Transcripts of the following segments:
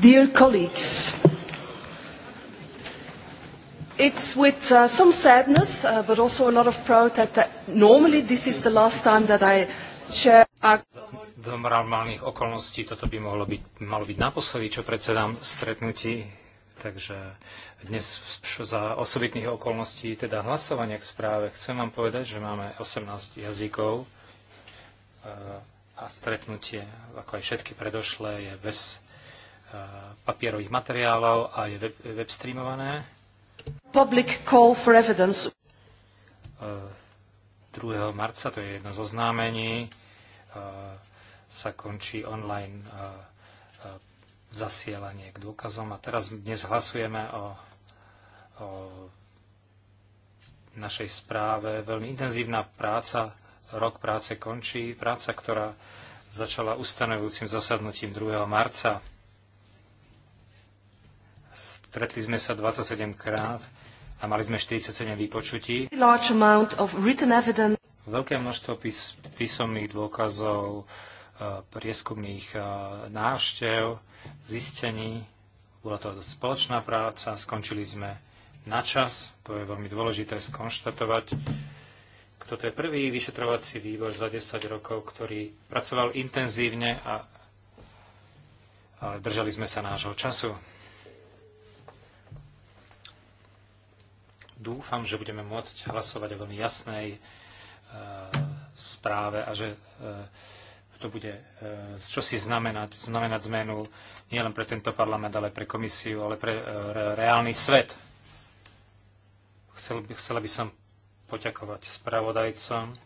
Dear colleagues, it's with uh, some sadness, uh, but also a lot of proud that the, normally this is the last time that I share. A... Do normálnych okolností toto by mohlo byť, malo byť naposledy, čo predsedám stretnutí, takže dnes v, za osobitných okolností, teda hlasovania k správe, chcem vám povedať, že máme 18 jazykov e, a stretnutie, ako aj všetky predošlé, je bez papierových materiálov a je web, web streamované. Public call for evidence. 2. marca, to je jedno zo známení, sa končí online zasielanie k dôkazom. A teraz dnes hlasujeme o, o našej správe. Veľmi intenzívna práca, rok práce končí. Práca, ktorá začala ustanovujúcim zasadnutím 2. marca stretli sme sa 27 krát a mali sme 47 vypočutí. Veľké množstvo písomných dôkazov, e, prieskumných e, návštev, zistení. Bola to spoločná práca, skončili sme na čas. To je veľmi dôležité skonštatovať. Toto je prvý vyšetrovací výbor za 10 rokov, ktorý pracoval intenzívne a držali sme sa nášho času. dúfam, že budeme môcť hlasovať o veľmi jasnej e, správe a že e, to bude e, čo si znamenať, znamenať zmenu nielen pre tento parlament, ale pre komisiu, ale pre e, reálny svet. Chcel by, chcela by som poďakovať spravodajcom,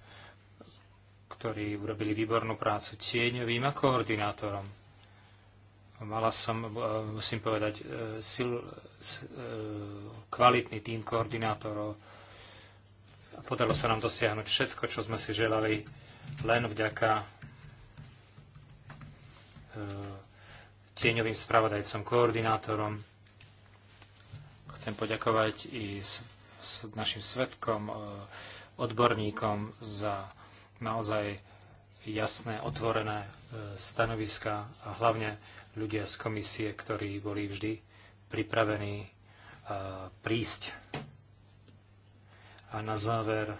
ktorí urobili výbornú prácu tieňovým a koordinátorom. Mala som, e, musím povedať, e, sil, e, kvalitný tým koordinátorov. Podarilo sa nám dosiahnuť všetko, čo sme si želali, len vďaka tieňovým spravodajcom, koordinátorom. Chcem poďakovať i s, s našim svetkom, odborníkom za naozaj jasné, otvorené stanoviska a hlavne ľudia z komisie, ktorí boli vždy pripravení prísť. A na záver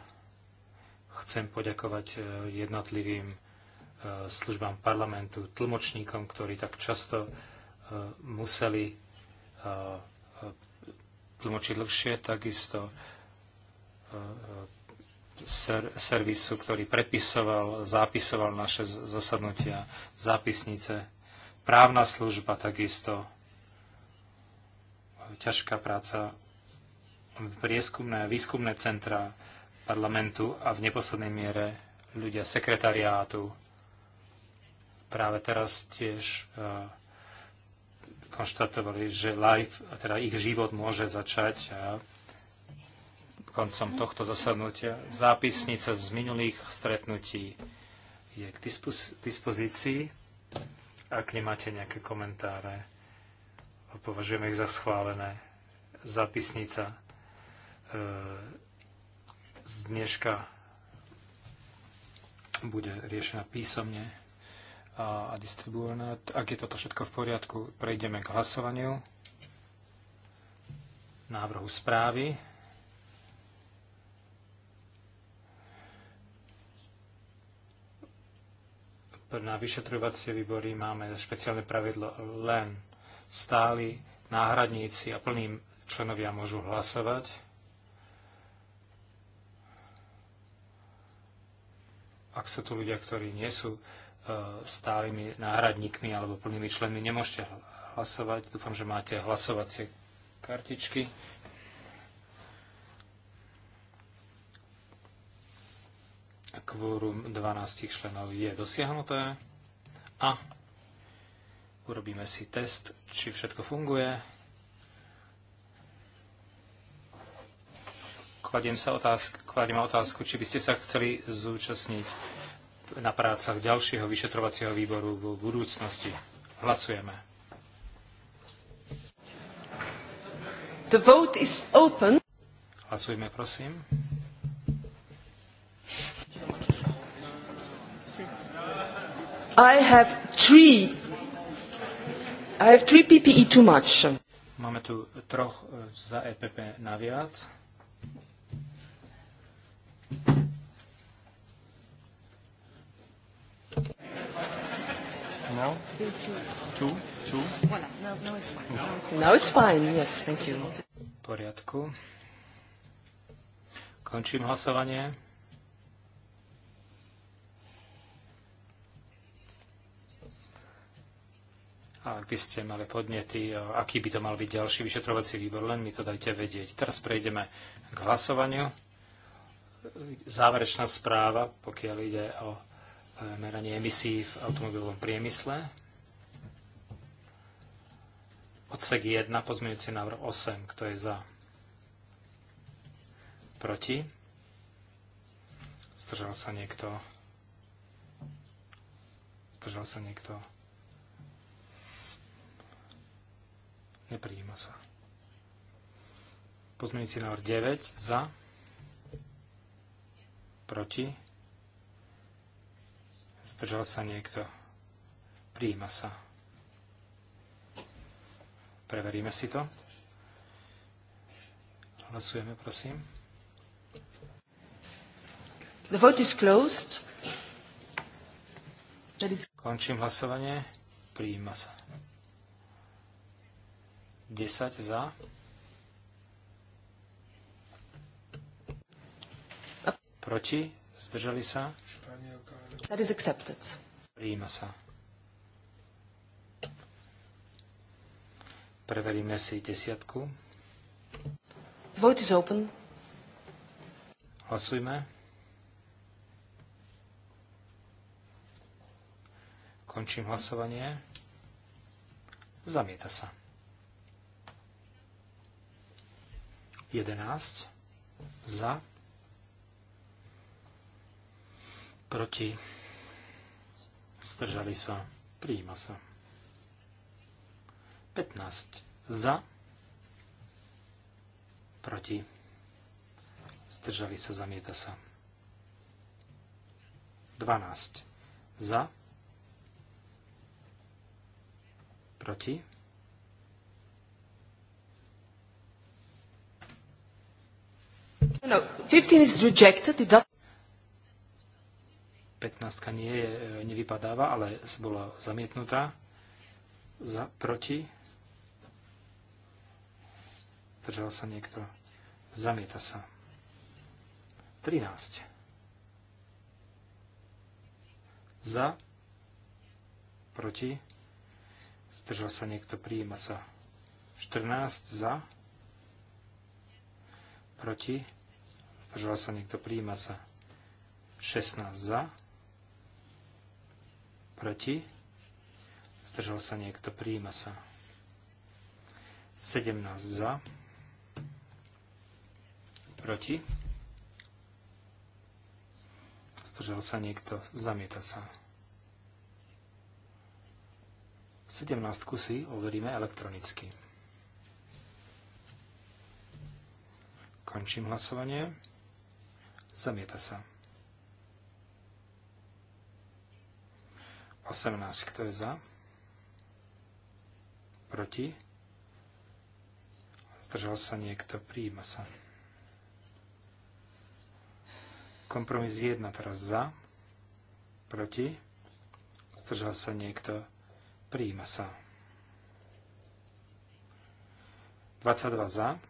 chcem poďakovať e, jednotlivým e, službám parlamentu, tlmočníkom, ktorí tak často e, museli tlmočiť dlhšie, takisto servisu, ktorý prepisoval, zápisoval naše zasadnutia, zápisnice Právna služba takisto. Ťažká práca v prieskumné, výskumné centra parlamentu a v neposlednej miere ľudia sekretariátu. Práve teraz tiež e, konštatovali, že life, teda ich život môže začať koncom tohto zasadnutia. Zápisnica z minulých stretnutí je k dispozícii. Ak nemáte nejaké komentáre, považujeme ich za schválené. e, z dneška bude riešená písomne a, a distribuovaná. Ak je toto všetko v poriadku, prejdeme k hlasovaniu návrhu správy. na vyšetrovacie výbory máme špeciálne pravidlo len stáli náhradníci a plní členovia môžu hlasovať. Ak sú tu ľudia, ktorí nie sú e, stálymi náhradníkmi alebo plnými členmi, nemôžete hlasovať. Dúfam, že máte hlasovacie kartičky. kvórum 12 členov je dosiahnuté a urobíme si test, či všetko funguje. Kladiem, sa otázku, kladiem otázku, či by ste sa chceli zúčastniť na prácach ďalšieho vyšetrovacieho výboru v budúcnosti. Hlasujeme. The vote is open. Hlasujeme, prosím. I have three i have three PPE too much. Máme tu troch e, za EPP naviac. No? Two? Two? Voilà. No, no, it's fine. No. Now it's fine, yes, thank you. V poriadku. Končím hlasovanie. ak by ste mali podnety, e, aký by to mal byť ďalší vyšetrovací výbor, len mi to dajte vedieť. Teraz prejdeme k hlasovaniu. Záverečná správa, pokiaľ ide o e, meranie emisí v automobilovom priemysle. Odsek 1, pozmeňujúci návrh 8. Kto je za? Proti? Zdržal sa niekto? Zdržal sa niekto? nepríjima sa. Pozmeňujúci návrh 9 za, proti, zdržal sa niekto, príjima sa. Preveríme si to. Hlasujeme, prosím. The vote is closed. Končím hlasovanie. Príjima sa. 10 za. Proti? Zdržali sa? That is accepted. Prijíma sa. Preveríme si desiatku. Vote is open. Hlasujme. Končím hlasovanie. Zamieta sa. 11 za, proti, zdržali sa, prijíma sa. 15 za, proti, zdržali sa, zamieta sa. 12 za, proti, No, 15 is rejected. It does... 15 nie je, e, nevypadáva, ale bola zamietnutá. Za, proti. Držal sa niekto. Zamieta sa. 13. Za. Proti. Zdržal sa niekto. Prijíma sa. 14. Za. Proti Zdržal sa niekto, príjima sa. 16 za. Proti. Zdržal sa niekto, príjima sa. 17 za. Proti. Zdržal sa niekto, zamieta sa. 17 kusy overíme elektronicky. Končím hlasovanie. Zamieta sa. 18. Kto je za? Proti? Zdržal sa niekto? Prijíma sa. Kompromis 1 teraz za. Proti? Zdržal sa niekto? Prijíma sa. 22 za.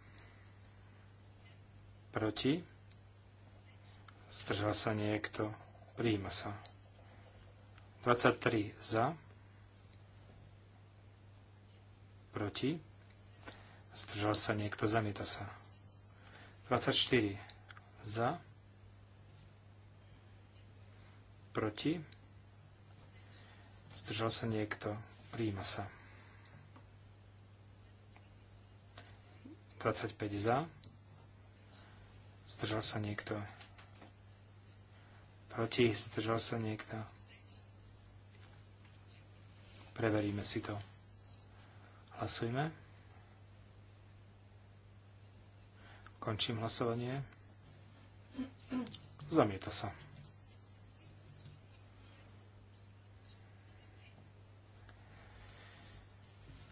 Proti? Zdržal sa niekto? Príjma sa. 23 za. Proti. Zdržal sa niekto? Zamieta sa. 24 za. Proti. Zdržal sa niekto? Príjma sa. 25 za. Zdržal sa niekto? Proti? Zdržal sa niekto? Preveríme si to. Hlasujme. Končím hlasovanie. Zamieta sa.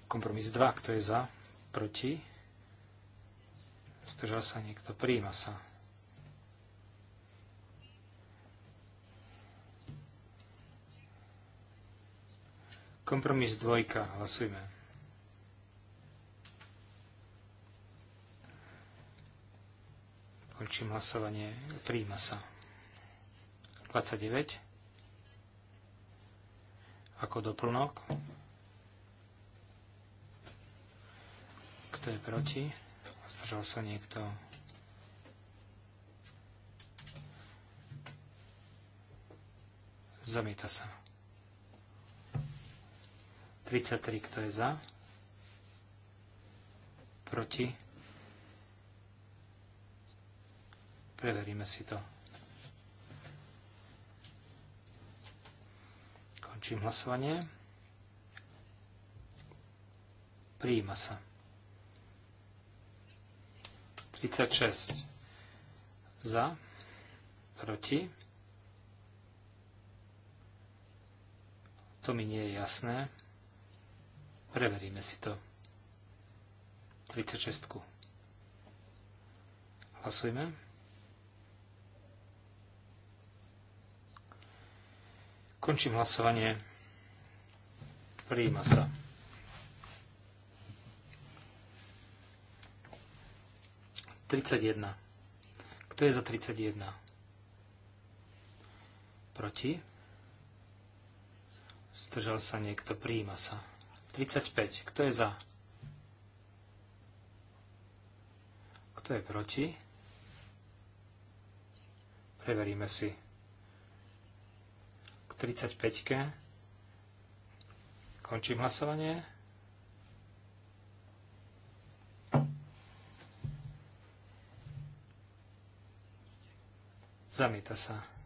Kompromis 2. Kto je za? Proti? Zdržal sa niekto? príjma sa. Kompromis dvojka. Hlasujme. Končím hlasovanie. Príjma sa. 29. Ako doplnok. Kto je proti? Zdržal sa niekto? Zamieta sa. 33, kto je za? Proti? Preveríme si to. Končím hlasovanie. Prijíma sa. 36 za, proti. To mi nie je jasné. Preveríme si to. 36. Hlasujme. Končím hlasovanie. Prijíma sa. Tridsať jedna. Kto je za tridsať jedna? Proti? Zdržal sa niekto, prijíma sa. 35. Kto je za? Kto je proti? Preveríme si. K 35. Končím hlasovanie. Zamieta sa.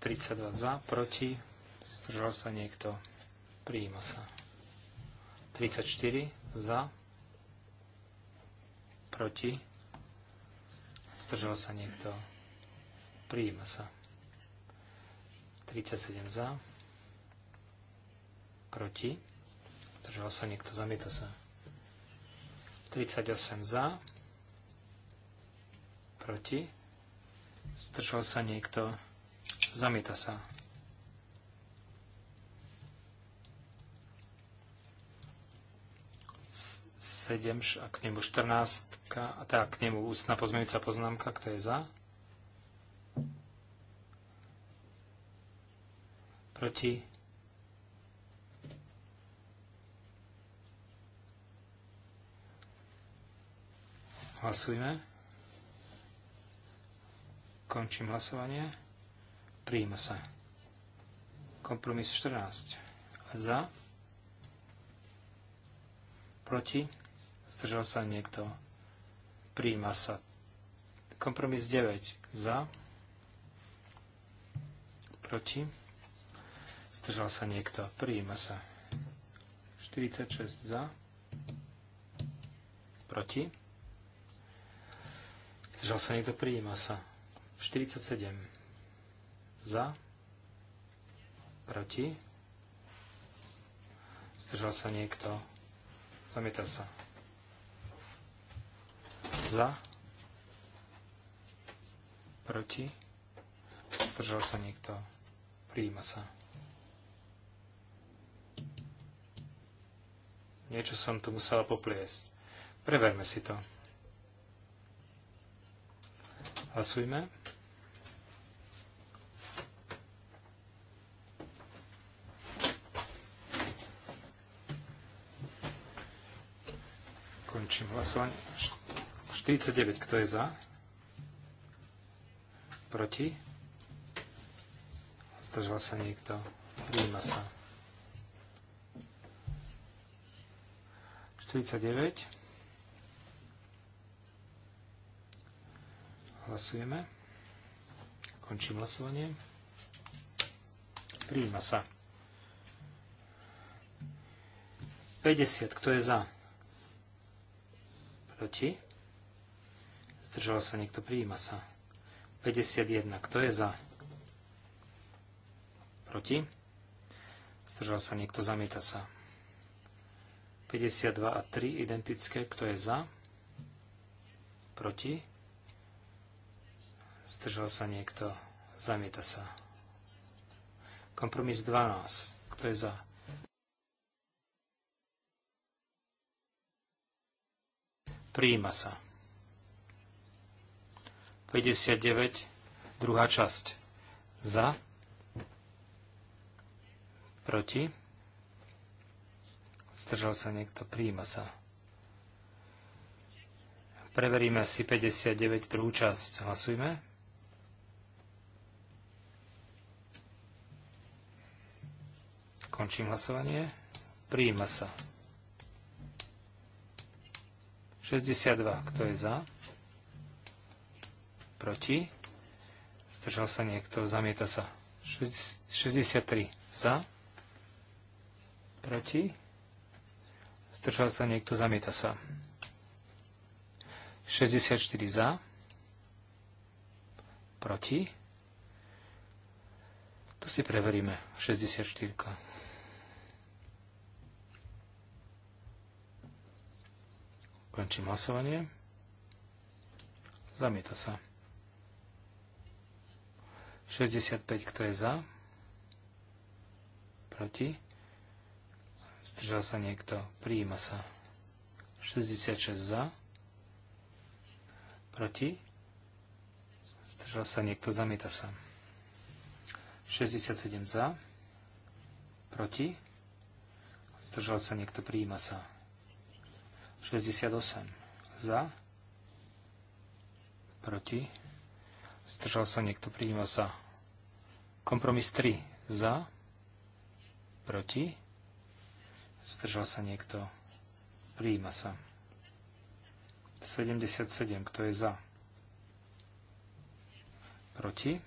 32 za, proti, zdržal sa niekto, prijíma sa. 34 za, proti, zdržal sa niekto, prijíma sa. 37 za, proti, zdržal sa niekto, zamieta sa. 38 za, proti, zdržal sa niekto, prijíma sa Zamieta sa. Sedem a k nemu 14 a teda k nemu ústna pozmeňujúca poznámka, kto je za? Proti? Hlasujme. Končím hlasovanie. Príjima sa. Kompromis 14. Za. Proti. Zdržal sa niekto. Príjima sa. Kompromis 9. Za. Proti. Zdržal sa niekto. Príjima sa. 46 za. Proti. Zdržal sa niekto. Príjima sa. 47 za, proti, zdržal sa niekto, zamieta sa, za, proti, zdržal sa niekto, prijíma sa. Niečo som tu musela popliesť. Preverme si to. Hlasujme. Končím hlasovanie. 49, kto je za? Proti? Zdržal sa niekto? Príjma sa. 49. Hlasujeme. Končím hlasovanie. Príjma sa. 50, kto je za? Proti? Zdržal sa niekto, prijíma sa. 51. Kto je za? Proti? Zdržal sa niekto, zamieta sa. 52 a 3 identické. Kto je za? Proti? Zdržal sa niekto, zamieta sa. Kompromis 12. Kto je za? Prijíma sa. 59. Druhá časť. Za. Proti. Zdržal sa niekto. Prijíma sa. Preveríme si 59. druhú časť. Hlasujme. Končím hlasovanie. Prijíma sa. 62. Kto je za? Proti? Zdržal sa niekto? Zamieta sa. 63. Za? Proti? Zdržal sa niekto? Zamieta sa. 64 za. Proti? To si preveríme. 64. Končím hlasovanie. Zamieta sa. 65, kto je za? Proti? Zdržal sa niekto? Prijíma sa. 66 za? Proti? Zdržal sa niekto? Zamieta sa. 67 za? Proti? Zdržal sa niekto? Prijíma sa. 68 za, proti, zdržal sa niekto, prijíma sa. Kompromis 3 za, proti, zdržal sa niekto, prijíma sa. 77, kto je za? Proti?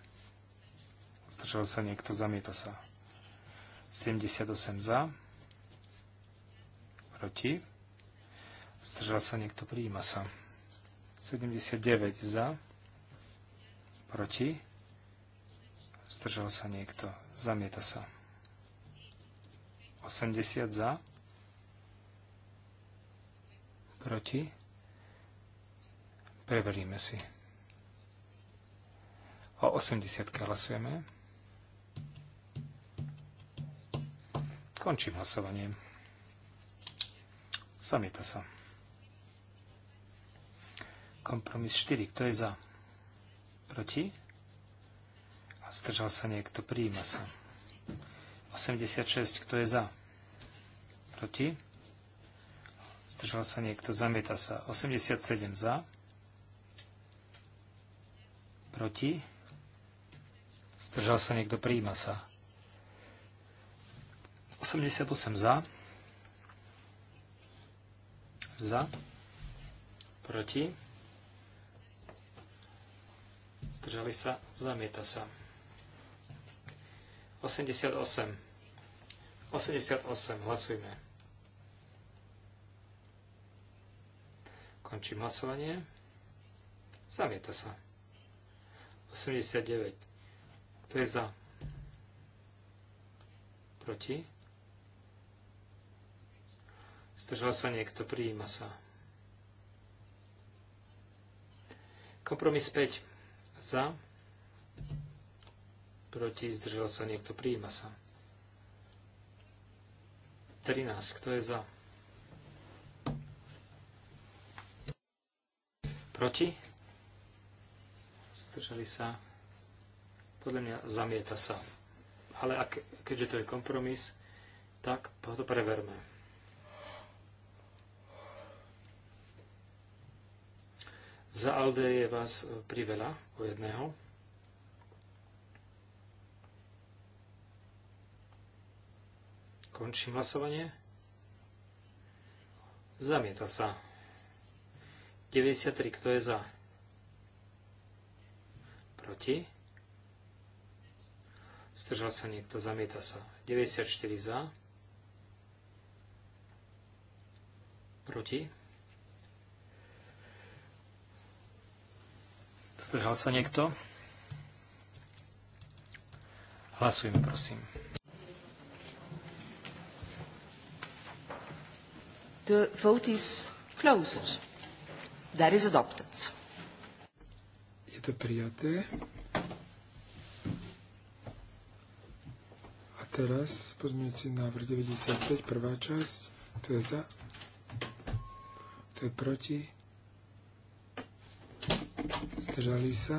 Zdržal sa niekto, zamieta sa. 78 za. Proti? Zdržal sa niekto, prijíma sa. 79 za, proti. Zdržal sa niekto, zamieta sa. 80 za, proti. Preveríme si. O 80 hlasujeme. Končím hlasovanie. Zamieta sa. Kompromis 4. Kto je za? Proti? A zdržal sa niekto. Prijíma sa. 86. Kto je za? Proti? Zdržal sa niekto. Zamieta sa. 87 za. Proti? Zdržal sa niekto. Prijíma sa. 88 za. Za. Proti? Zdržali sa? Zamieta sa. 88. 88. Hlasujme. Končím hlasovanie. Zamieta sa. 89. Kto je za? Proti? Zdržal sa niekto, prijíma sa. Kompromis 5 za, proti, zdržal sa niekto, prijíma sa. 13, kto je za? Proti? Zdržali sa. Podľa mňa zamieta sa. Ale ak, keďže to je kompromis, tak to preverme. Za Alde je vás e, priveľa o jedného. Končím hlasovanie. Zamieta sa. 93, kto je za? Proti? Zdržal sa niekto, zamieta sa. 94 za. Proti? Zdržal sa niekto? Hlasujme, prosím. The vote is closed. That is adopted. Je to prijaté. A teraz pozmeňujúci návrh 95, prvá časť. To je za. To je proti zdržali sa,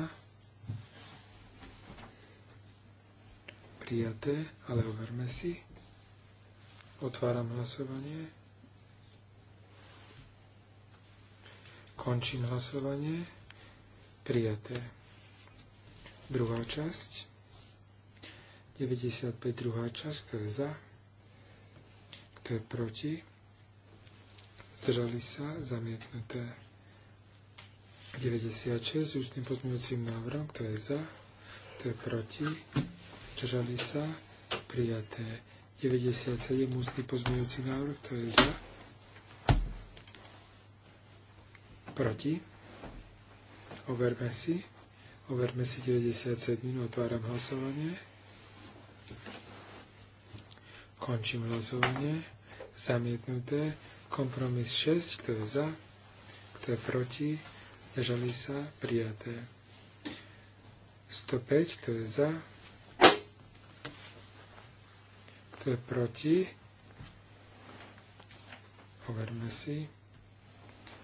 prijaté, ale overme si. Otváram hlasovanie. Končím hlasovanie. Prijaté. Druhá časť. 95. druhá časť. Kto je za? Kto je proti? Zdržali sa? Zamietnuté. 96 s ústnym pozmeňujúcim návrhom, kto je za, kto je proti, zdržali sa, prijaté. 97 ústny pozmeňujúci návrhom, kto je za, proti, overme si, overme si 97, otváram hlasovanie, končím hlasovanie, zamietnuté, kompromis 6, kto je za, kto je proti, zdržali sa, prijaté. 105, kto je za, kto je proti, overme si.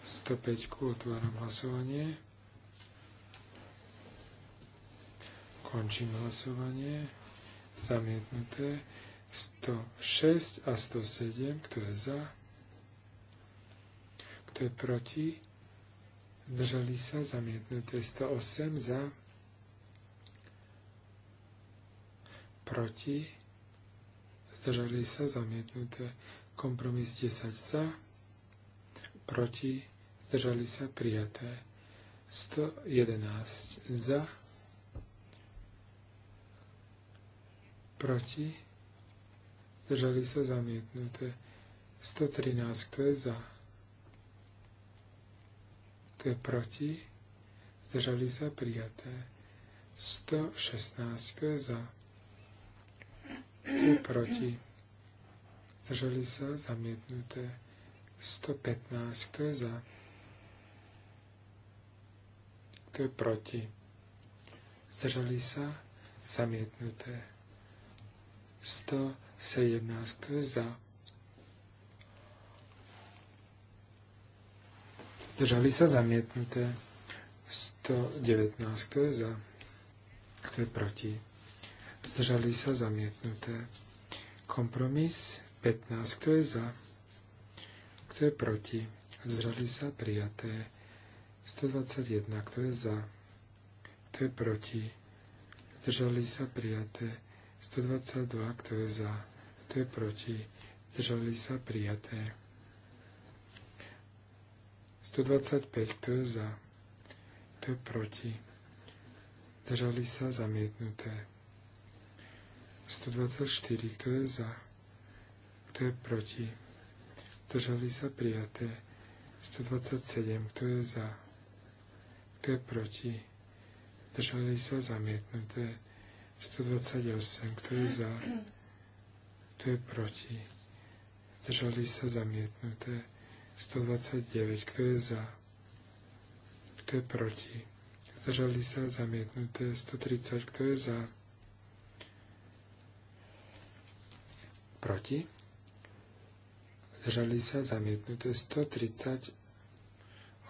105, otváram hlasovanie. Končím hlasovanie. Zamietnuté. 106 a 107, kto je za, kto je proti, zdržali sa, zamietnuté 108 za, proti, zdržali sa, zamietnuté kompromis 10 za, proti, zdržali sa, prijaté 111 za, proti, zdržali sa, zamietnuté 113, kto je za to je proti, zdržali sa prijaté. 116, to je za, kto je proti, zdržali sa zamietnuté. 115, to je za, kto je proti, zdržali sa zamietnuté. 117, to je za, zdržali sa zamietnuté. 119, kto je za, kto je proti, zdržali sa zamietnuté. Kompromis 15, kto je za, kto je proti, zdržali sa prijaté. 121, kto je za, kto je proti, zdržali sa prijaté. 122, kto je za, kto je proti, zdržali sa prijaté. 125, to je za, kto je proti. Držali sa zamietnuté. 124, kto je za, kto je proti. Držali sa prijaté. 127, kto je za, kto je proti. Držali sa zamietnuté. 128, kto je za, kto je proti. Držali sa zamietnuté. 129. Kto je za? Kto je proti? Zdržali sa zamietnuté 130. Kto je za? Proti? Zdržali sa zamietnuté 130.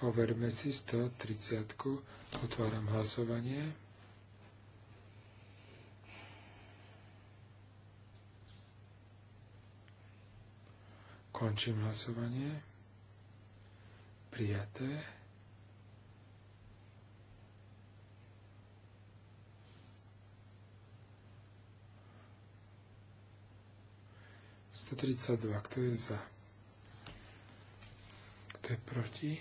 Overme si 130. Otváram hlasovanie. Končím hlasovanie prijaté. Sto tridsať dva, kto je za? Kto je proti?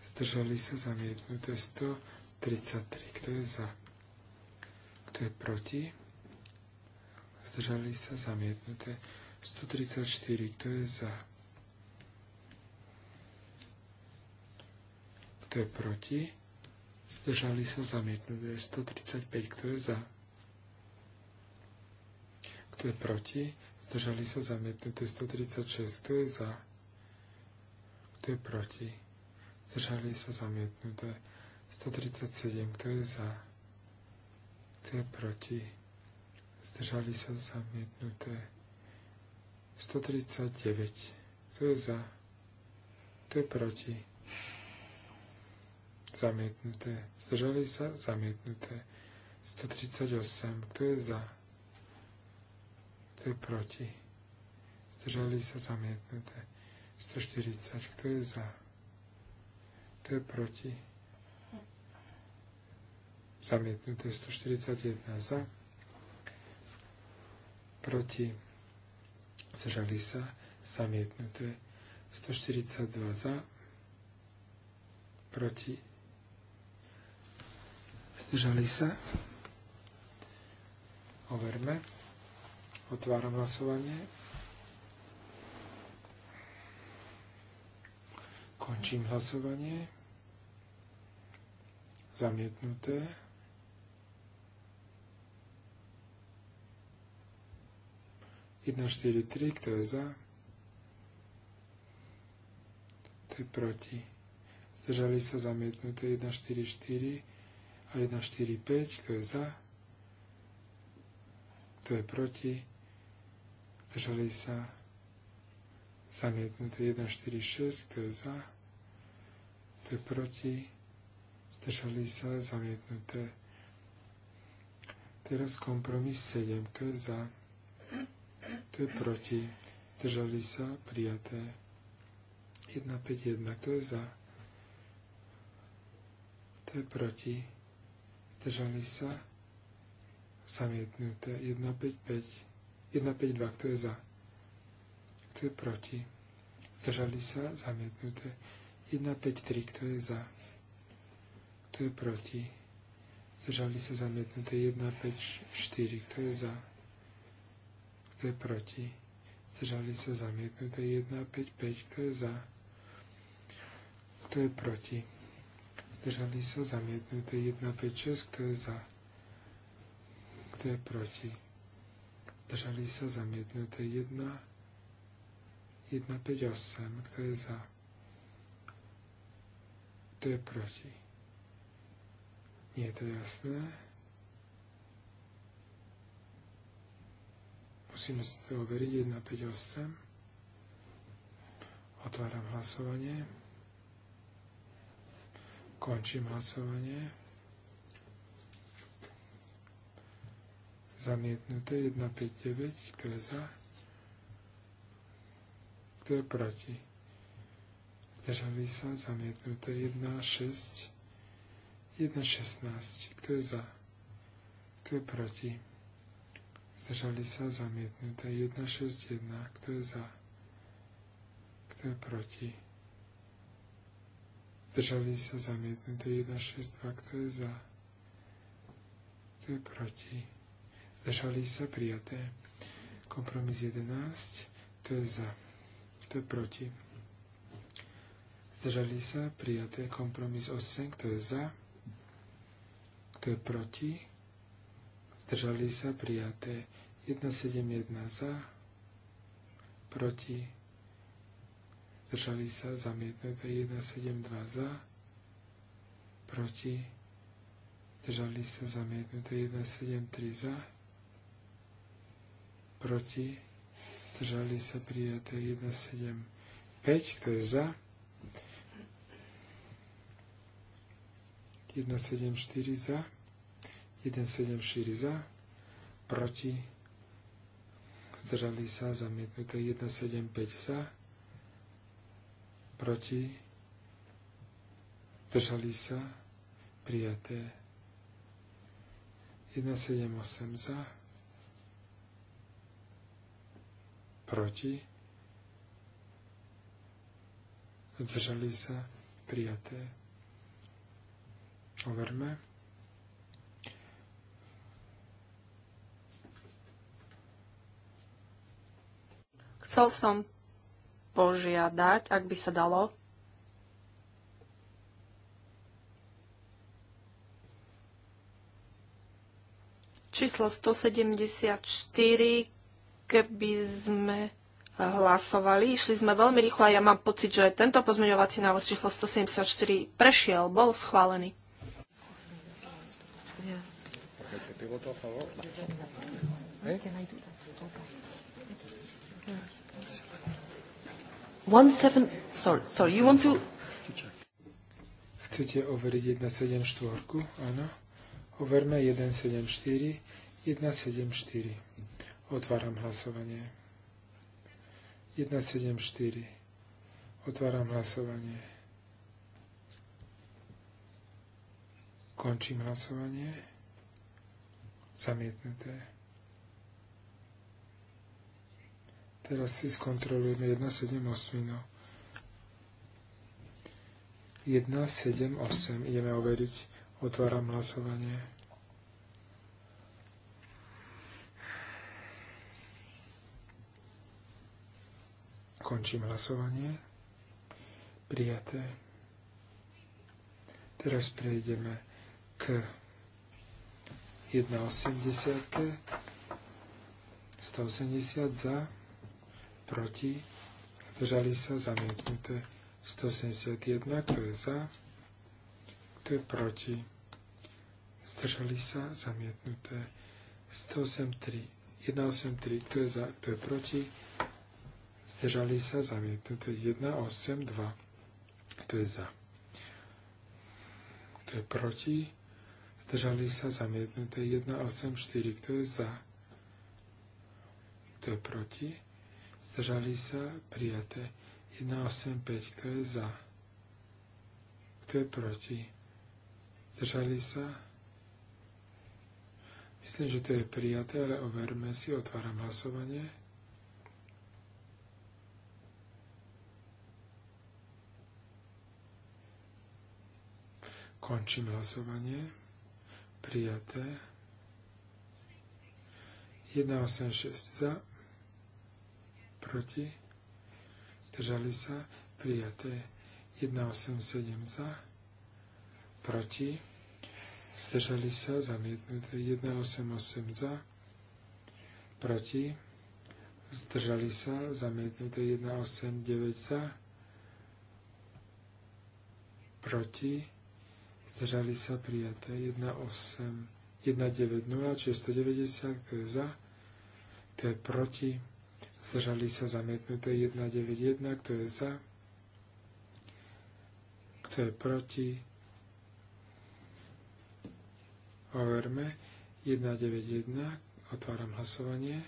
Zdržali sa zamietnuté 133. Kto je za? Kto je proti? Zdržali sa zamietnuté 134. Kto je za? kto je proti, zdržali sa zamietnuté 135, kto je za, kto je proti, zdržali sa zamietnuté 136, kto je za, kto je proti, zdržali sa zamietnuté 137, kto je za, kto je proti, zdržali sa zamietnuté 139, kto je za, kto je proti, zamietnuté. Zdržali sa, zamietnuté. 138, kto je za? Kto je proti? Zdržali sa, zamietnuté. 140, kto je za? Kto je proti? Zamietnuté 141 za. Proti. Zdržali sa. Zamietnuté 142 za. Proti Zdržali sa? Overme. Otváram hlasovanie. Končím hlasovanie. Zamietnuté. Jedna, štyri, tri, kto je za? Kto je proti? Zdržali sa zamietnuté. Jedna, štyri, štyri a 1, 4, 5, kto je za, kto je proti, zdržali sa, zamietnuté 1, 4, 6, kto je za, kto je proti, zdržali sa, zamietnuté. Teraz kompromis 7, kto je za, kto je proti, zdržali sa, prijaté. 1, 5, 1, kto je za, kto je proti, zdržali sa, zamietnuté. 155, 152, kto je za, kto je proti, zdržali sa, zamietnuté. 153, kto je za, kto je proti, zdržali sa, zamietnuté. 154, kto je za, kto je proti, zdržali sa, zamietnuté. 155, kto je za, kto je proti, zdržali sa zamietnuté 1, 5, 6, kto je za, kto je proti. Zdržali sa zamietnuté 1, 1, 5, 8, kto je za, kto je proti. Nie je to jasné? Musíme si to overiť 1, 5, 8. Otváram hlasovanie. Končím hlasovanie. Zamietnuté 159. Kto je za? Kto je proti? Zdržali sa. Zamietnuté 1.6. 1.16. Kto je za? Kto je proti? Zdržali sa. Zamietnuté 1.61. Kto je za? Kto je proti? zdržali sa zamietnuté 1, 6, 2, kto je za, kto je proti, zdržali sa prijaté. Kompromis 11, kto je za, kto je proti, zdržali sa prijaté. Kompromis 8, kto je za, kto je proti, zdržali sa prijaté. 1, 7, 1 za, proti, zdržali sa, zamietnuté 2 za, proti, zdržali sa, zamietnuté 3 za, proti, zdržali sa, prijaté 5, kto je za, 4 za, 4 za, proti, zdržali sa, zamietnuté 5 za, proti, držali sa, prijaté. 178 za, proti, zdržali sa, prijaté. Overme. Chcel som požiadať, ak by sa dalo, číslo 174, keby sme hlasovali. Išli sme veľmi rýchlo a ja mám pocit, že tento pozmeňovací návrh číslo 174 prešiel, bol schválený. Yeah. One sorry, you want to... Chcete overiť 174? Áno. Overme 174. 174. Otváram hlasovanie. 174. Otváram hlasovanie. Končím hlasovanie. Zamietnuté. Teraz si skontrolujeme 7-8. No. Ideme overiť. Otváram hlasovanie. Končím hlasovanie. Prijaté. Teraz prejdeme k 1,80. 180 za proti, zdržali sa, zamietnuté. 171, kto je za, kto je proti, zdržali sa, zamietnuté. 183, 183, kto je za, kto je proti, zdržali sa, zamietnuté. 182, kto je za, kto je proti, zdržali sa, zamietnuté. 184, kto je za, kto je proti, zdržali sa, prijaté. 185, kto je za, kto je proti, zdržali sa. Myslím, že to je prijaté, ale overme si, otváram hlasovanie. Končím hlasovanie. Prijaté. 186 za, proti, držali sa, prijaté 187 za, proti, zdržali sa, zamietnuté 188 za, proti, zdržali sa, zamietnuté 189 za, proti, zdržali sa, prijaté 1,8, 1,90, čiže 190, to je za, to je proti, zdržali sa zamietnuté 191, kto je za, kto je proti, overme 191, otváram hlasovanie.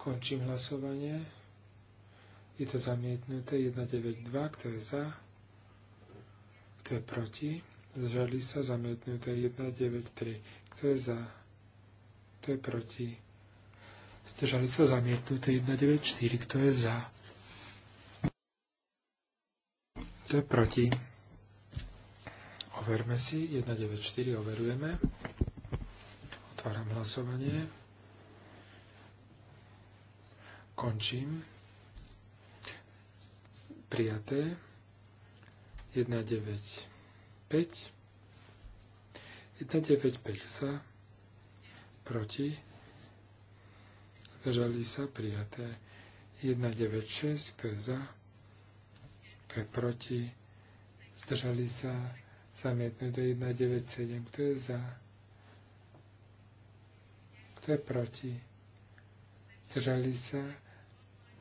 Končím hlasovanie. Je to zamietnuté 192, kto je za, kto je proti. Zdržali sa zamietnuté 193, kto je za, kto je proti. Zdržali sa zamietnuté 194, kto je za, kto je proti. Overme si, 194 overujeme. Otváram hlasovanie. Končím prijaté 195 195 sa proti zdržali sa prijaté 196 kto je za kto je proti zdržali sa zamietnuté 197 kto je za kto je proti zdržali sa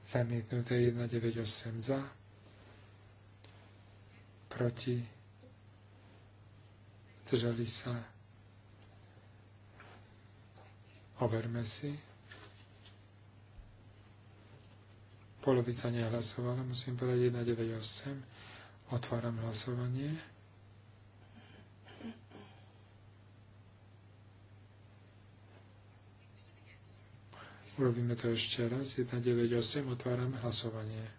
zamietnuté 198 za proti, Drželi sa. Overme si. Polovica nehlasovala, musím povedať 198. Otváram hlasovanie. Urobíme to ešte raz. 198. Otváram hlasovanie.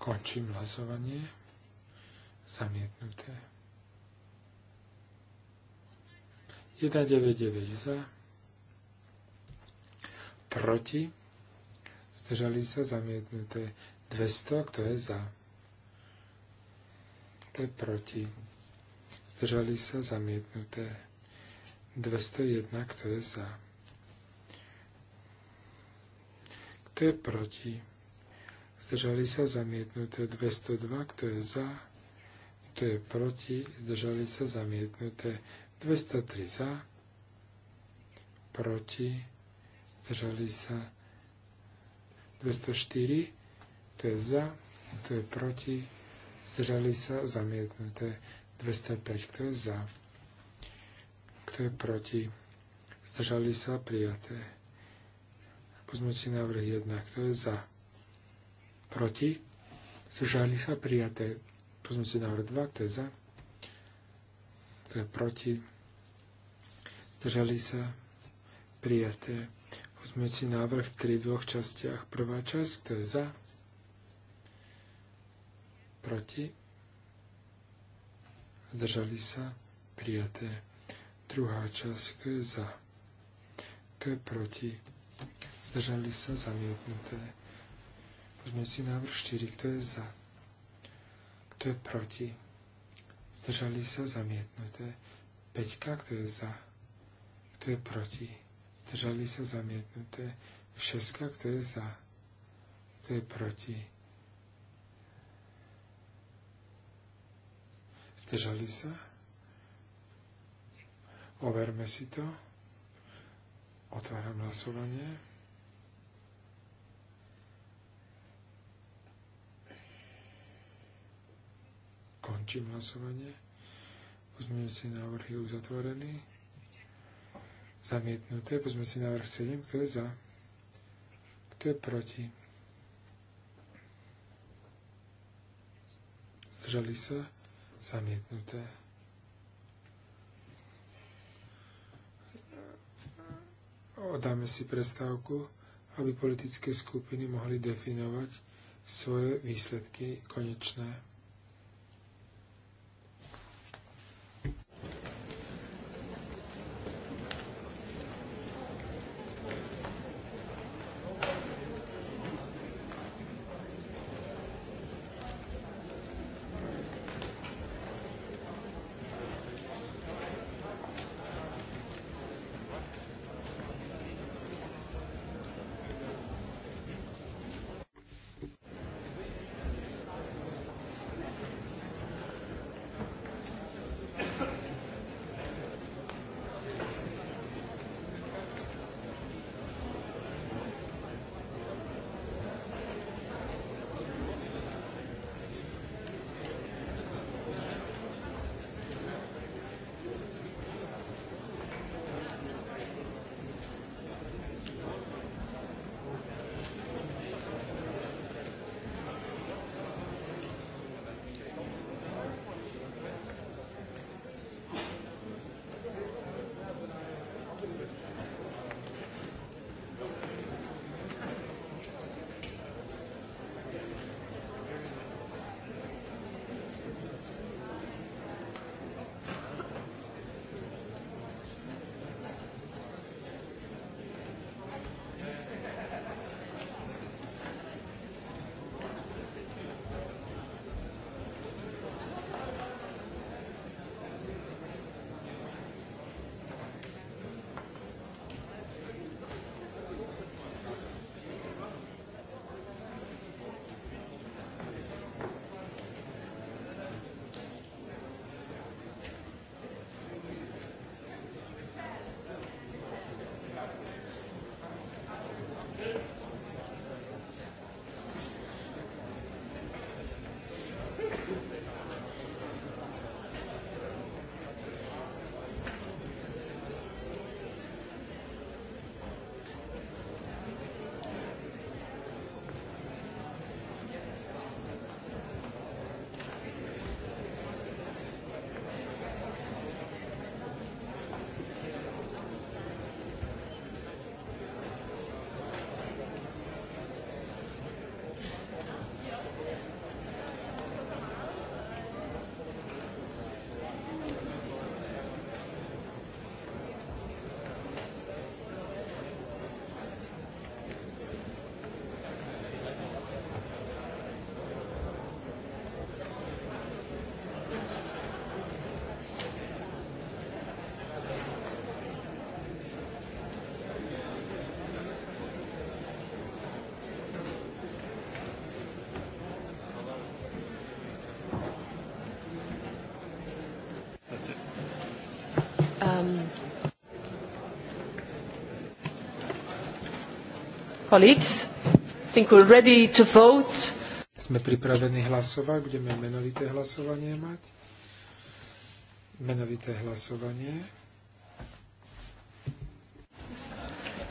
Končím hlasovanie. Zamietnuté. 199 za. Proti. Zdržali sa zamietnuté. 200, kto je za? Kto je proti? Zdržali sa zamietnuté. 201, kto je za? Kto je proti? zdržali sa zamietnuté 202, kto je za, kto je proti, zdržali sa zamietnuté 203 za, proti, zdržali sa 204, kto je za, kto je proti, zdržali sa zamietnuté 205, kto je za, kto je proti, zdržali sa prijaté. Pozmúci návrh 1, kto je za, proti, zdržali sa prijaté. si návrh 2, kto je za, kto je proti, zdržali sa prijaté. si návrh 3 v dvoch častiach. Prvá časť, kto je za, proti, zdržali sa prijaté. Druhá časť, kto je za, kto je proti, zdržali sa zamietnuté si návrh 4. Kto je za? Kto je proti? Zdržali sa zamietnuté. 5. Kto je za? Kto je proti? Zdržali sa zamietnuté. 6. Kto je za? Kto je proti? Zdržali sa? Overme si to. Otváram hlasovanie. Končím hlasovanie. Pozmeňujúci návrh je uzatvorený. Zamietnuté. Pozmeňujúci návrh 7. Kto je za? Kto je proti? Zdržali sa? Zamietnuté. Odáme si prestávku, aby politické skupiny mohli definovať svoje výsledky konečné. colleagues. I think we're ready to vote. Sme pripravení hlasovať, budeme menovité hlasovanie mať. Menovité hlasovanie.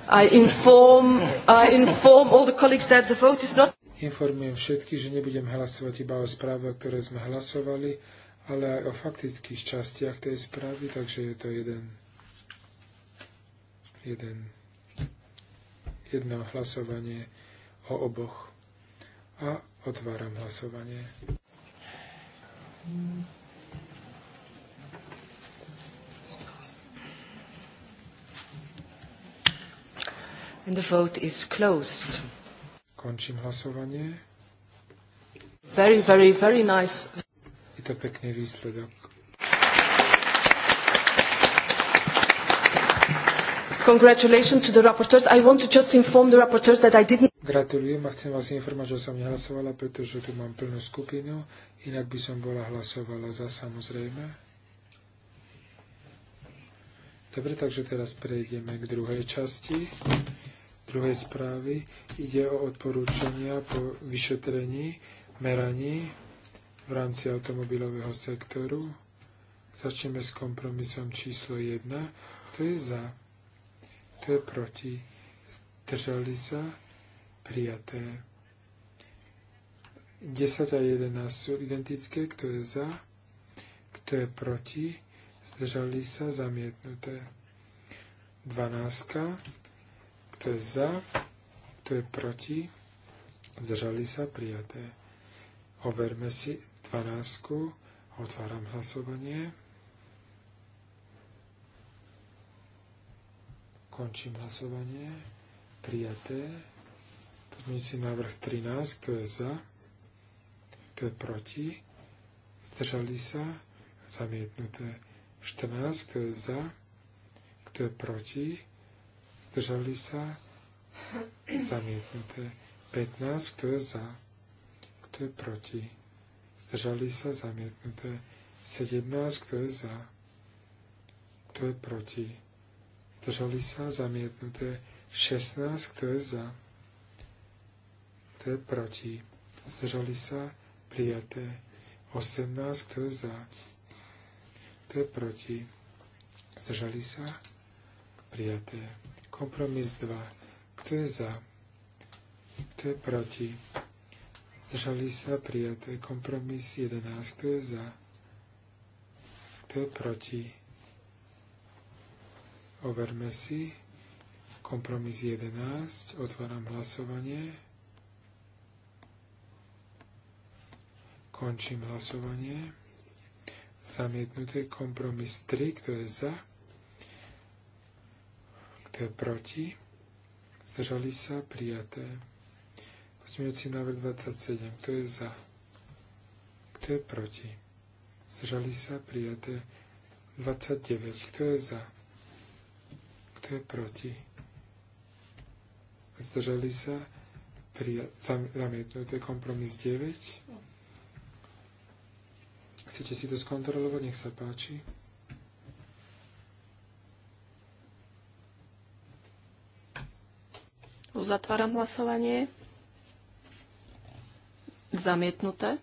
I inform, I inform all the colleagues that the vote is not... Informujem všetky, že nebudem hlasovať iba o správe, o ktoré sme hlasovali, ale aj o faktických častiach tej správy, takže je to jeden, jeden jedno hlasovanie o oboch. A otváram hlasovanie. And the vote is closed. Končím hlasovanie. Very, very, very nice. Je to pekný výsledok. Congratulations to the rapporteurs. I want to just inform the rapporteurs that I didn't... Gratulujem a chcem vás informovať, že som nehlasovala, pretože tu mám plnú skupinu. Inak by som bola hlasovala za samozrejme. Dobre, takže teraz prejdeme k druhej časti, druhej správy. Ide o odporúčania po vyšetrení, meraní v rámci automobilového sektoru. Začneme s kompromisom číslo 1. Kto je za? to je proti, zdržali sa, prijaté. 10 a 11 sú identické, kto je za, kto je proti, zdržali sa, zamietnuté. 12, kto je za, kto je proti, zdržali sa, prijaté. Overme si 12, otváram hlasovanie. Končím hlasovanie. Prijaté. Pozmeňujúci návrh 13, kto je za, kto je proti, zdržali sa, zamietnuté. 14, kto je za, kto je proti, zdržali sa, zamietnuté. 15, kto je za, kto je proti, zdržali sa, zamietnuté. 17, kto je za, kto je proti, Držali sa zamietnuté 16, kto je za, kto je proti. Zdržali sa prijaté 18, kto je za, kto je proti. Zdržali sa prijaté. Kompromis 2, kto je za, kto je proti. Zdržali sa prijaté. Kompromis 11, kto je za, kto je proti Overme si. Kompromis 11. Otváram hlasovanie. Končím hlasovanie. Zamietnuté kompromis 3. Kto je za? Kto je proti? Zdržali sa? Prijaté. Pozmeňujúci návrh 27. Kto je za? Kto je proti? Zdržali sa? Prijaté. 29. Kto je za? Kto je proti? Zdržali sa? pri zamietnuté kompromis 9. Chcete si to skontrolovať? Nech sa páči. Uzatváram hlasovanie. Zamietnuté.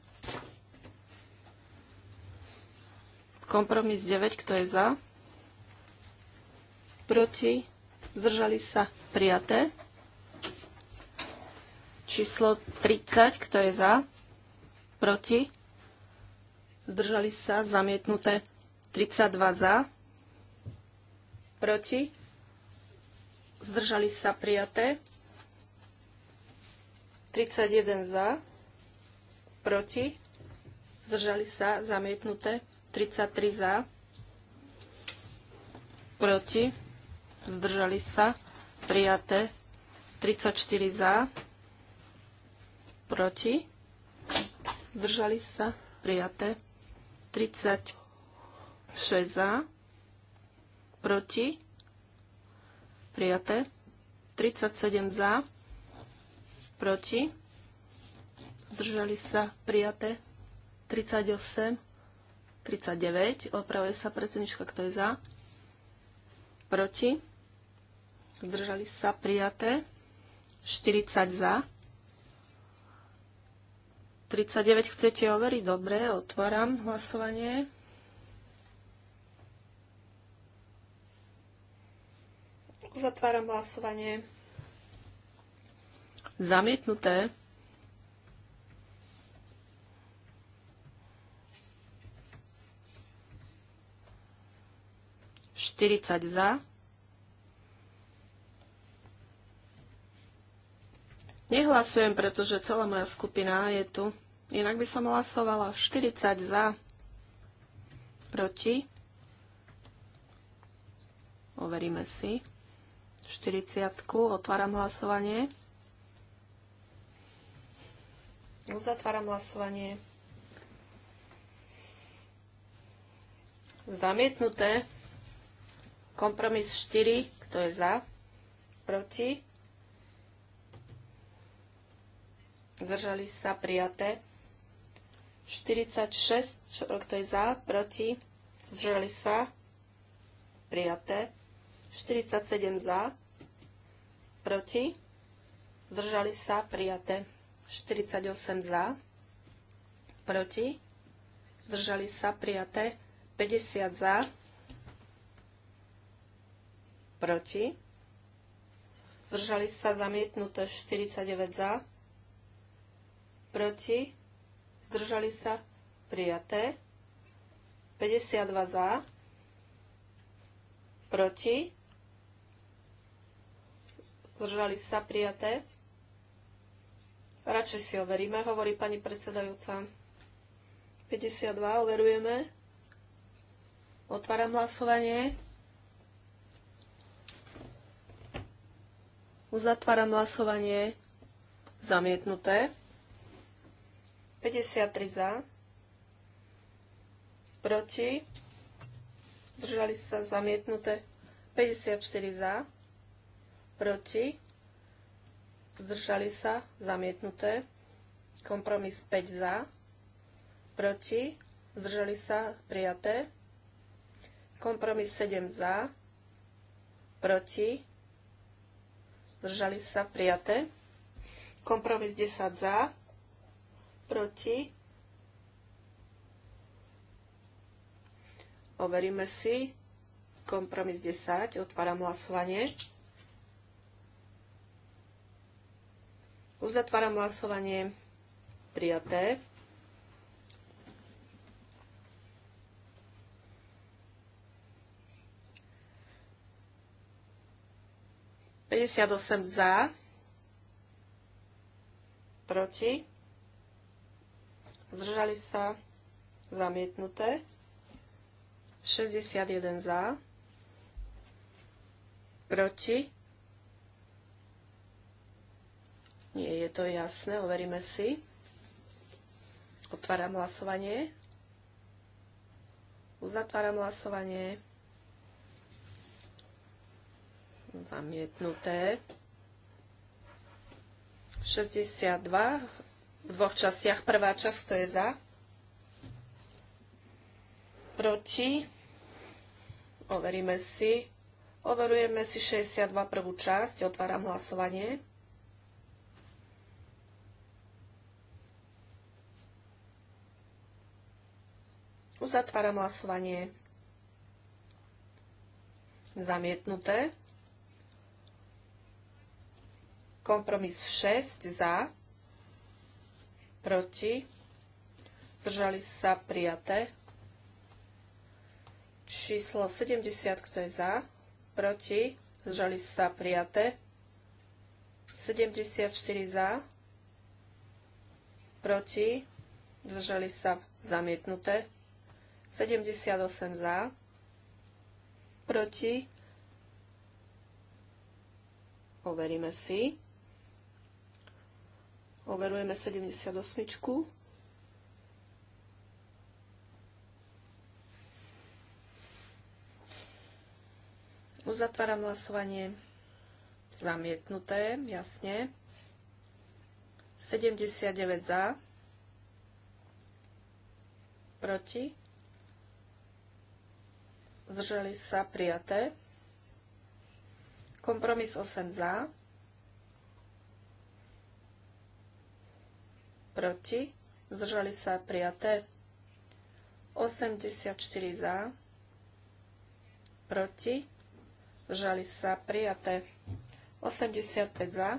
Kompromis 9, kto je za? proti, zdržali sa prijaté. Číslo 30, kto je za, proti, zdržali sa zamietnuté. 32 za, proti, zdržali sa prijaté. 31 za, proti, zdržali sa zamietnuté. 33 za, proti, zdržali sa, prijaté 34 za, proti, zdržali sa, prijaté 36 za, proti, prijaté 37 za, proti, zdržali sa, prijaté 38 39, opravuje sa predsednička, kto je za, proti, zdržali sa prijaté, 40 za, 39 chcete overiť? Dobre, otváram hlasovanie. Zatváram hlasovanie. Zamietnuté. Štyridsať za. Nehlasujem, pretože celá moja skupina je tu. Inak by som hlasovala 40 za, proti. Overíme si. 40. Otváram hlasovanie. Uzatváram hlasovanie. Zamietnuté. Kompromis 4. Kto je za? Proti? zdržali sa prijaté. 46, kto je za, proti, zdržali sa prijaté. 47 za, proti, zdržali sa prijaté. 48 za, proti, zdržali sa prijaté. 50 za, proti, zdržali sa zamietnuté 49 za, proti, zdržali sa, prijaté. 52 za, proti, zdržali sa, prijaté. Radšej si overíme, hovorí pani predsedajúca. 52 overujeme. Otváram hlasovanie. Uzatváram hlasovanie. Zamietnuté. 53 za, proti, zdržali sa zamietnuté 54 za, proti, zdržali sa zamietnuté, kompromis 5 za, proti, zdržali sa prijaté, kompromis 7 za, proti, zdržali sa prijaté, kompromis 10 za, proti. Overíme si kompromis 10, otváram hlasovanie. Uzatváram hlasovanie prijaté. Päťdesiat osem za, proti zdržali sa, zamietnuté. 61 za, proti. Nie je to jasné, overíme si. Otváram hlasovanie. Uzatváram hlasovanie. Zamietnuté. 62 v dvoch častiach. Prvá časť, to je za? Proti? Overíme si. Overujeme si 62 prvú časť. Otváram hlasovanie. Uzatváram hlasovanie. Zamietnuté. Kompromis 6 za proti, držali sa prijaté. Číslo 70, kto je za, proti, držali sa prijaté. 74 za, proti, držali sa zamietnuté. 78 za, proti, overíme si. Overujeme 78. Uzatváram hlasovanie zamietnuté, jasne. 79 za, proti, zdržali sa prijaté. Kompromis 8 za, proti, zdržali sa prijaté. 84 za, proti, zdržali sa prijaté. 85 za,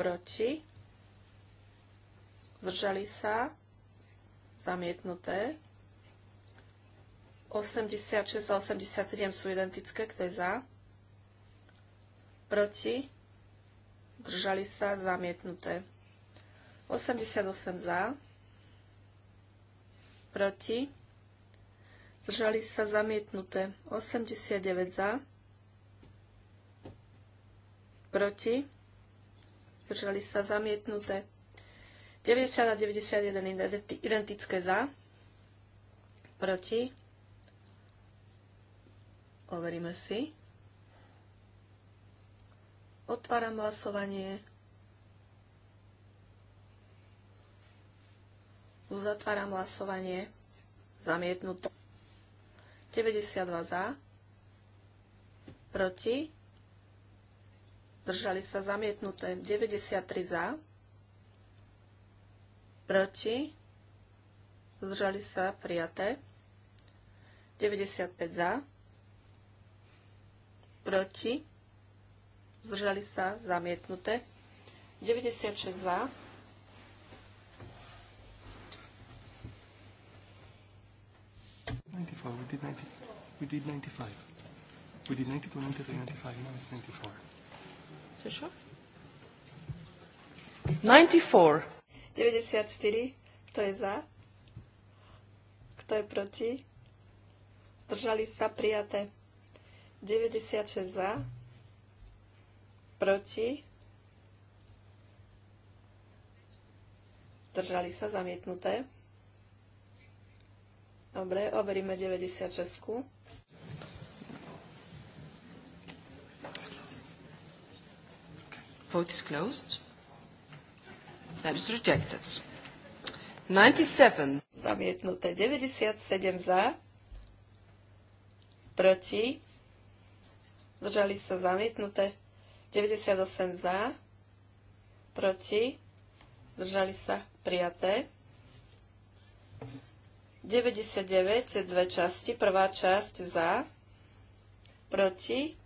proti, zdržali sa, zamietnuté. 86 a 87 sú identické, kto je za, proti, zdržali sa, zamietnuté. 88 za, proti, zdržali sa, zamietnuté. 89 za, proti, zdržali sa, zamietnuté. 90 a 91 identické za, proti, overíme si. Otváram hlasovanie. Uzatváram hlasovanie. Zamietnuté. 92 za. Proti. Držali sa zamietnuté. 93 za. Proti. Zdržali sa prijaté. 95 za. Proti zdržali sa, zamietnuté. 96 za, We 94. Kto je za? Kto je proti? Zdržali sa prijaté. 96 za proti, držali sa, zamietnuté. Dobre, overíme 96. Vote is closed. That is rejected. 97. Zamietnuté 97 za, proti, zdržali sa zamietnuté 98 za, proti, zdržali sa prijaté. 99, dve časti, prvá časť za, proti,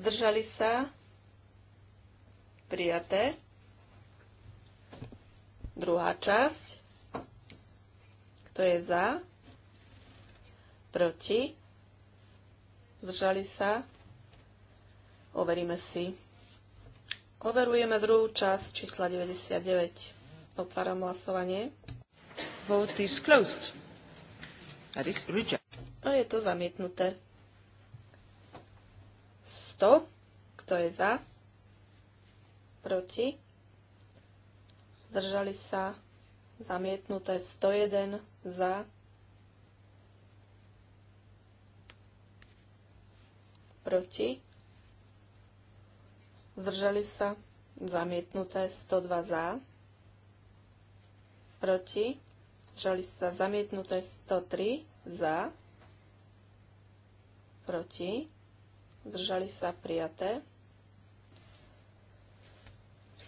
zdržali sa prijaté. Druhá časť, kto je za, proti, zdržali sa prijaté Overíme si. Overujeme druhú časť čísla 99. Otváram hlasovanie. Vote is closed. That is A je to zamietnuté. 100. Kto je za? Proti? Zdržali sa? Zamietnuté 101 za. Proti? zdržali sa, zamietnuté 102 za, proti, zdržali sa, zamietnuté 103 za, proti, zdržali sa, prijaté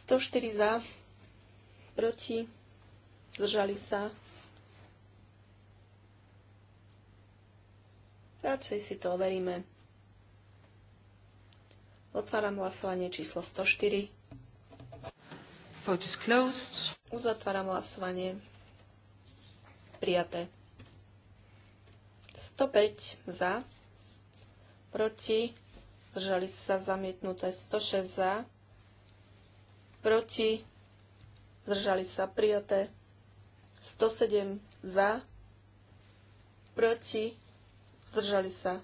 104 za, proti, zdržali sa, radšej si to overíme. Otváram hlasovanie číslo 104. Vote is closed. Uzatváram hlasovanie. Prijaté. 105 za, proti, zdržali sa zamietnuté 106 za, proti, zdržali sa prijaté 107 za, proti, zdržali sa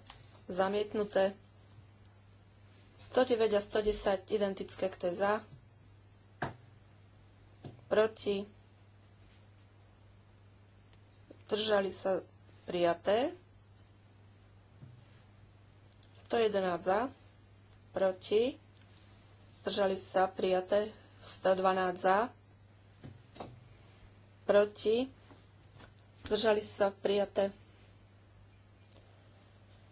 zamietnuté 109 a 110 identické, k tej za, proti, držali sa prijaté, 111 za, proti, Držali sa prijaté, 112 za, proti, Držali sa prijaté,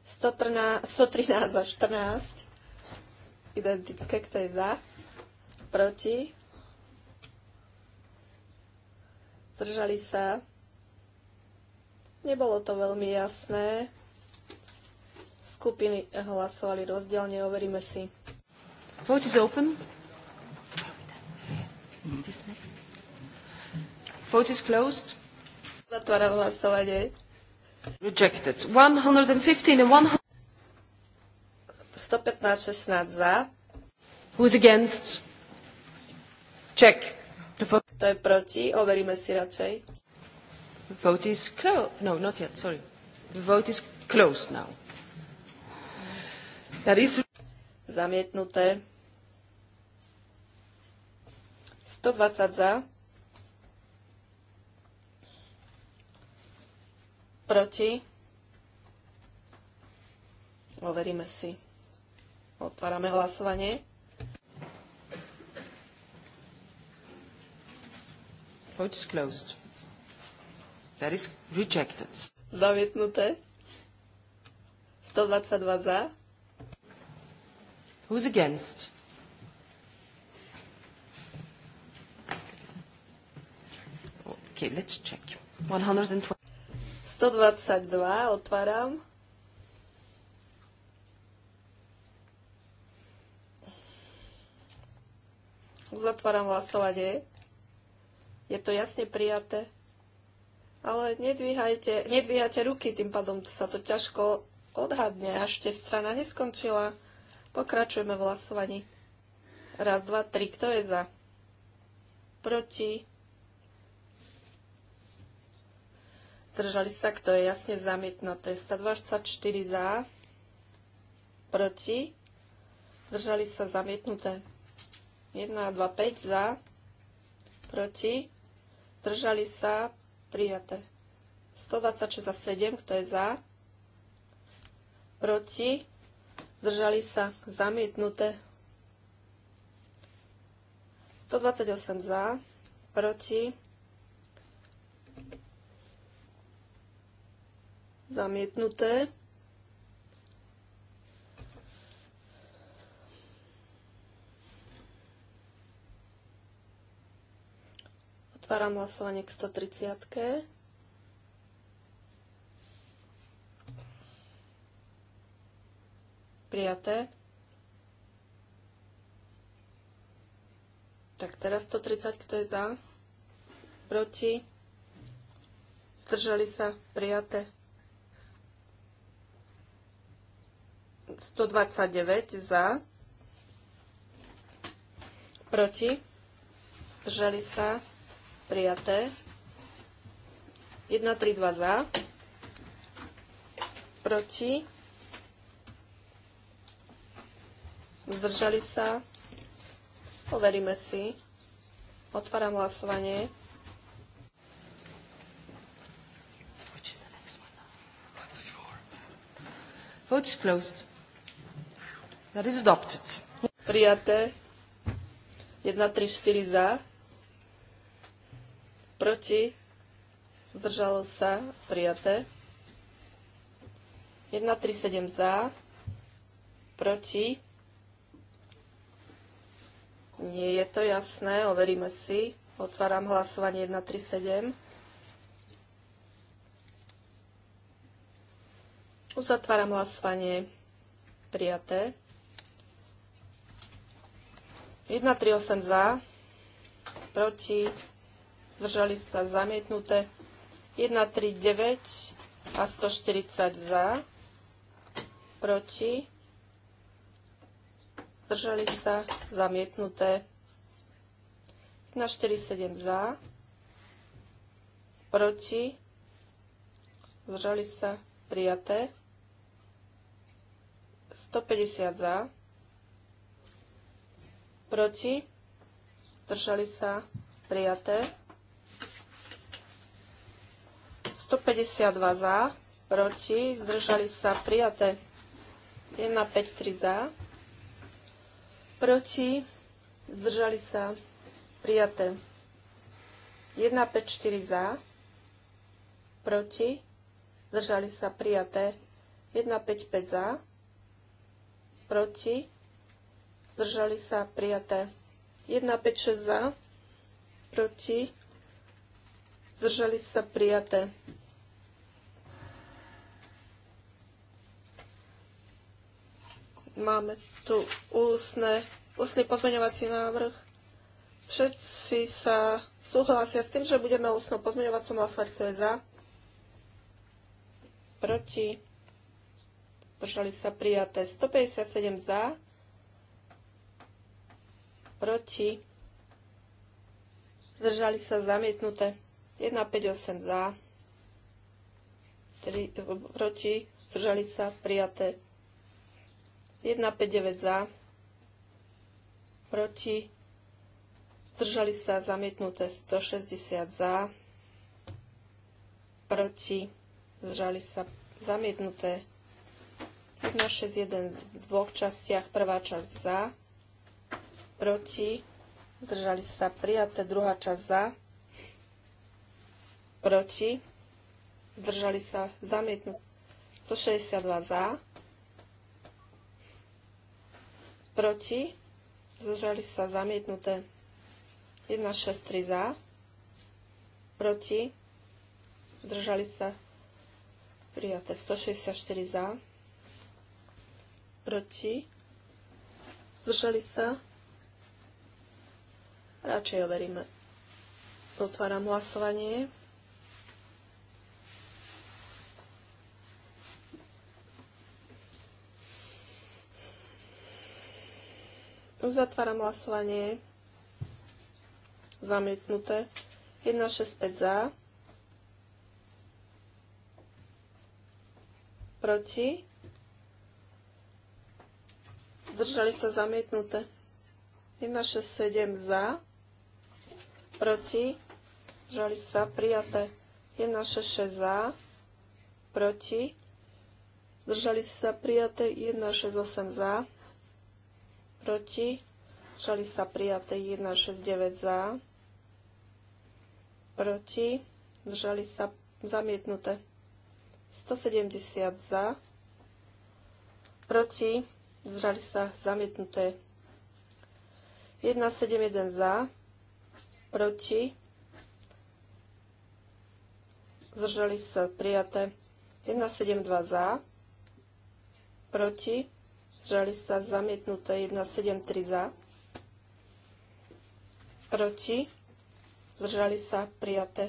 113 za 14, identické, kto je za, proti, zdržali sa. Nebolo to veľmi jasné. Skupiny hlasovali rozdielne, overíme si. Vote is open. Vote is closed. Zatvára hlasovanie. Rejected. 115 and 100. 115-16 za. Who's against? Check. To je proti, overíme si radšej. vote is closed. No, not yet, sorry. The vote is closed now. That is... Zamietnuté. 120 za. Proti. Overíme si. Otvárame hlasovanie. Vote is closed. That is rejected. Zamietnuté. 122 za. Who's against? Okay, let's check. 122. 122 otváram. Uzatváram hlasovanie. Je to jasne prijaté. Ale nedvíhajte, nedvíhajte ruky, tým pádom sa to ťažko odhadne, až ešte strana neskončila. Pokračujeme v hlasovaní. Raz, dva, tri. Kto je za? Proti? Zdržali sa, kto je jasne zamietnuté. 124 za. Proti? Zdržali sa zamietnuté. 1 a 2, 5 za, proti, držali sa, prijaté. 126 a 7, kto je za, proti, zdržali sa, zamietnuté. 128 za, proti, zamietnuté. Otváram hlasovanie k 130. Prijaté. Tak teraz 130, kto je za? Proti? Zdržali sa? Prijaté. 129 za. Proti? Zdržali sa? Prijaté. 1, 3, 2 za. Proti. Zdržali sa. Overíme si. Otváram hlasovanie. Vote is closed. That is adopted. Prijaté. 1, 3, 4 za proti, zdržalo sa, prijaté. 137 za, proti, nie je to jasné, overíme si. Otváram hlasovanie 137. Uzatváram hlasovanie prijaté. 138 za, proti zdržali sa zamietnuté 139 a 140 za, proti, zdržali sa zamietnuté 147 za, proti, zdržali sa prijaté 150 za, proti, zdržali sa prijaté 152 za, proti, zdržali sa prijaté 3 za, proti, zdržali sa prijaté 4 za, proti, zdržali sa prijaté 1 5 za, proti, zdržali sa prijaté 6 za, proti, zdržali sa prijaté Máme tu ústne, ústny pozmeňovací návrh. Všetci sa súhlasia s tým, že budeme ústno som hlasovať, kto je za, proti, držali sa prijaté 157 za, proti, zdržali sa zamietnuté 158 za, 3, proti, zdržali sa prijaté 159 za, proti, zdržali sa zamietnuté 160 za, proti, zdržali sa zamietnuté 161 v dvoch častiach, prvá časť za, proti, zdržali sa prijaté, druhá časť za, proti, zdržali sa zamietnuté 162 za, proti, zdržali sa zamietnuté. 1 3 za, proti, zdržali sa prijaté. 164 za, proti, zdržali sa, radšej overíme. Otváram hlasovanie. Uzatváram hlasovanie. Zamietnuté. 165 za. Proti. držali sa zamietnuté. 167 za. Proti. držali sa prijaté. 166 za. Proti. držali sa prijaté. 168 za proti, zdržali sa prijaté 169 za, proti, zdržali sa zamietnuté 170 za, proti, zdržali sa zamietnuté 171 za, proti, zdržali sa prijaté 172 za, proti, zdržali sa zamietnuté 173 za, proti, zdržali sa prijaté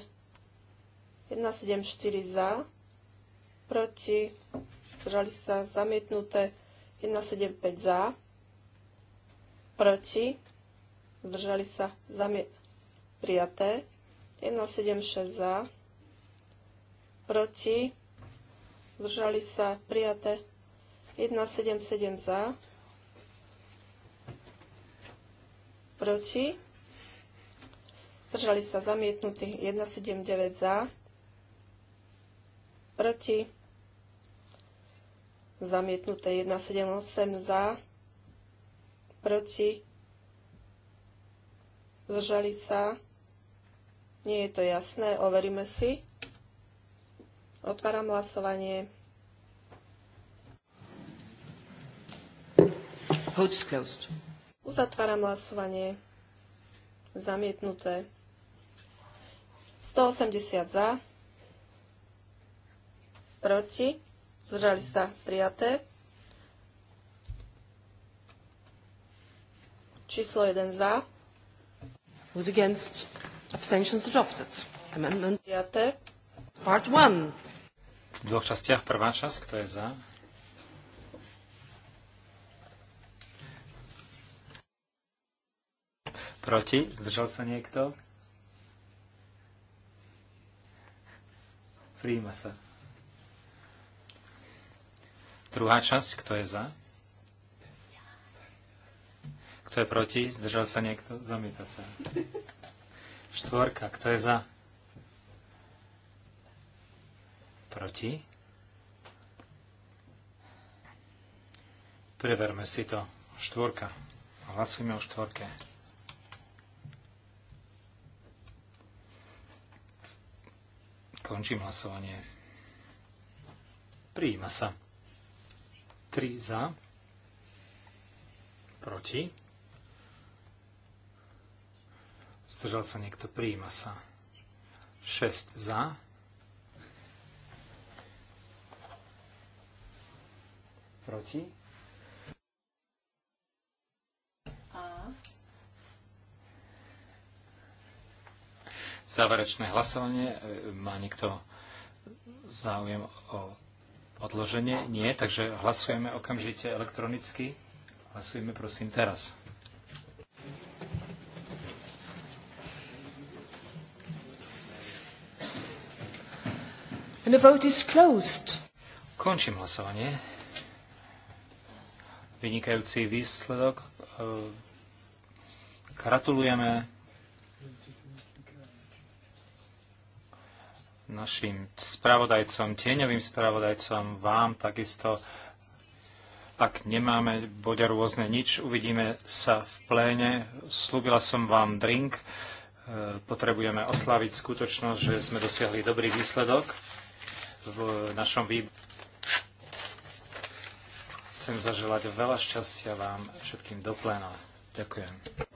174 za, proti, zdržali sa zamietnuté 175 za, proti, zdržali sa zamietnuté prijaté 176 za, proti, zdržali sa prijaté 177 za, proti, zdržali sa zamietnutí 179 za, proti, zamietnuté 178 za, proti, zdržali sa, nie je to jasné, overíme si. Otváram hlasovanie. Vote is closed. Uzatváram hlasovanie. Zamietnuté. 180 za. Proti. Zdržali sa prijaté. Číslo 1 za. Who's against? Abstentions adopted. Amendment. Prijaté. Part 1. V dvoch častiach prvá časť, kto je za? Proti? Zdržal sa niekto? Príjima sa. Druhá časť, kto je za? Kto je proti? Zdržal sa niekto? Zamieta sa. Štvorka, kto je za? Proti? Preverme si to. Štvorka. Hlasujme o štvorke. Končím hlasovanie. Prijíma sa. 3 za. Proti. Zdržal sa niekto. Prijíma sa. 6 za. Proti. záverečné hlasovanie. E, má niekto záujem o odloženie? Nie, takže hlasujeme okamžite elektronicky. Hlasujeme prosím teraz. And the vote is closed. Končím hlasovanie. Vynikajúci výsledok. E, gratulujeme. našim spravodajcom, tieňovým spravodajcom, vám takisto. Ak nemáme boďa rôzne nič, uvidíme sa v pléne. Slúbila som vám drink. E, potrebujeme oslaviť skutočnosť, že sme dosiahli dobrý výsledok v našom výboru. Chcem zaželať veľa šťastia vám všetkým do pléna. Ďakujem.